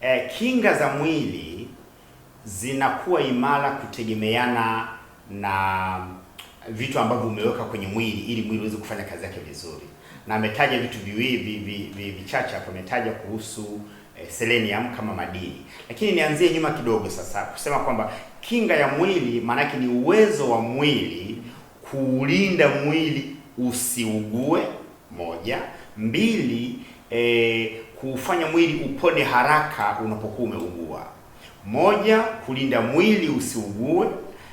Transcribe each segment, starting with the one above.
eh, kinga za mwili zinakuwa imara kutegemeana na vitu ambavyo umeweka kwenye mwili ili mwili uweze kufanya kazi yake vizuri, na ametaja vitu viwili vichache vi, vi, hapo ametaja kuhusu eh, selenium kama madini, lakini nianzie nyuma kidogo sasa kusema kwamba kinga ya mwili maanake ni uwezo wa mwili kuulinda mwili usiugue moja mbili, eh, kufanya mwili upone haraka unapokuwa umeugua. Moja, kulinda mwili usiugue,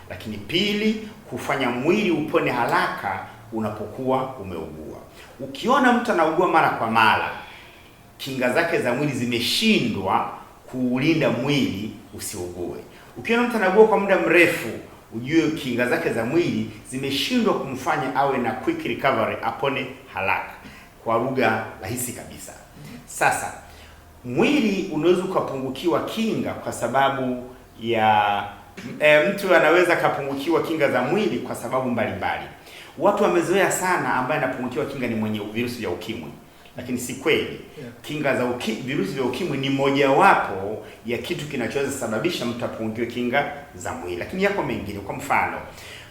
lakini pili, kufanya mwili upone haraka unapokuwa umeugua. Ukiona mtu anaugua mara kwa mara, kinga zake za mwili zimeshindwa kuulinda mwili usiugue. Ukiona mtu anaugua kwa muda mrefu, ujue kinga zake za mwili zimeshindwa kumfanya awe na quick recovery, apone haraka. Kwa lugha rahisi kabisa sasa mwili unaweza ukapungukiwa kinga kwa sababu ya e, mtu anaweza akapungukiwa kinga za mwili kwa sababu mbalimbali. Watu wamezoea sana, ambaye anapungukiwa kinga ni mwenye virusi vya ukimwi, lakini si kweli yeah. Kinga za uki, virusi vya ukimwi ni mojawapo ya kitu kinachoweza sababisha mtu apungukiwe kinga za mwili, lakini yako mengine. Kwa mfano,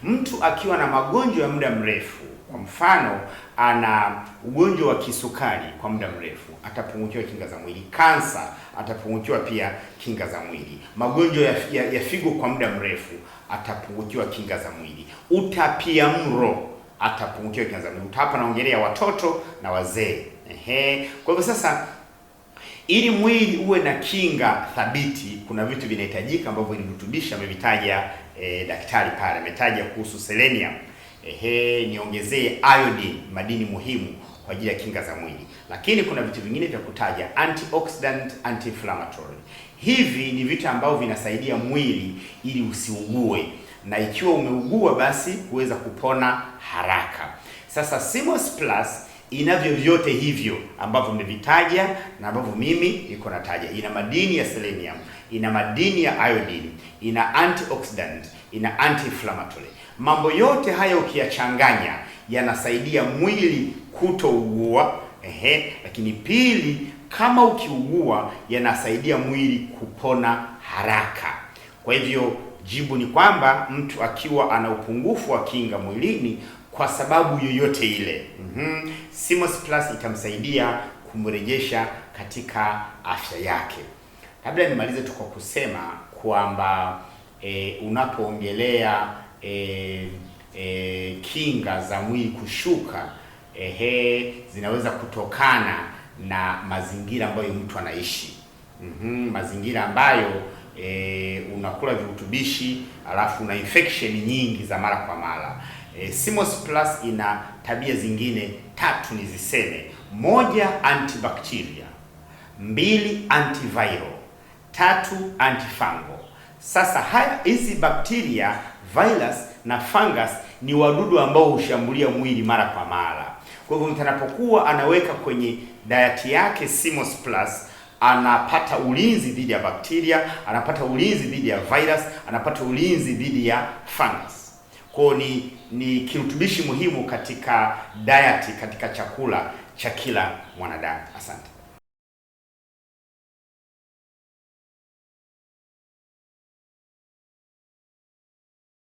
mtu akiwa na magonjwa ya muda mrefu kwa mfano, ana ugonjwa wa kisukari kwa muda mrefu, atapungukiwa kinga za mwili. Kansa, atapungukiwa pia kinga za mwili. Magonjwa ya, ya, ya figo kwa muda mrefu, atapungukiwa kinga za mwili. Utapia mro, atapungukiwa kinga za mwili. Hapa naongelea watoto na wazee. Ehe, kwa hivyo sasa ili mwili uwe na kinga thabiti, kuna vitu vinahitajika ambavyo virutubisha amevitaja eh, daktari pale ametaja kuhusu selenium ehe, niongezee iodine, madini muhimu kwa ajili ya kinga za mwili. Lakini kuna vitu vingine vya kutaja, antioxidant, anti-inflammatory. Hivi ni vitu ambavyo vinasaidia mwili ili usiugue, na ikiwa umeugua basi huweza kupona haraka. Sasa Simos Plus inavyo vyote hivyo ambavyo nimevitaja na ambavyo mimi niko nataja. Ina madini ya selenium ina madini ya iodine, ina antioxidant, ina anti-inflammatory. Mambo yote haya ukiyachanganya yanasaidia mwili kutougua. Ehe, lakini pili, kama ukiugua yanasaidia mwili kupona haraka. Kwa hivyo jibu ni kwamba mtu akiwa ana upungufu wa kinga mwilini kwa sababu yoyote ile, mm -hmm. Simos Plus itamsaidia kumrejesha katika afya yake. Labda nimalize tu kwa kusema kwamba e, unapoongelea e, e, kinga za mwili kushuka ehe, zinaweza kutokana na mazingira ambayo mtu anaishi. mm -hmm, mazingira ambayo e, unakula virutubishi alafu una infection nyingi za mara kwa mara. E, Simos Plus ina tabia zingine tatu niziseme: moja, antibacteria; mbili, antiviral tatu antifango. Sasa haya hizi bakteria, virus na fungus ni wadudu ambao hushambulia mwili mara kwa mara. Kwa hivyo mtu anapokuwa anaweka kwenye diet yake Simos Plus anapata ulinzi dhidi ya bakteria, anapata ulinzi dhidi ya virus, anapata ulinzi dhidi ya fungus. Kwa ni ni kirutubishi muhimu katika diet, katika chakula cha kila mwanadamu. Asante.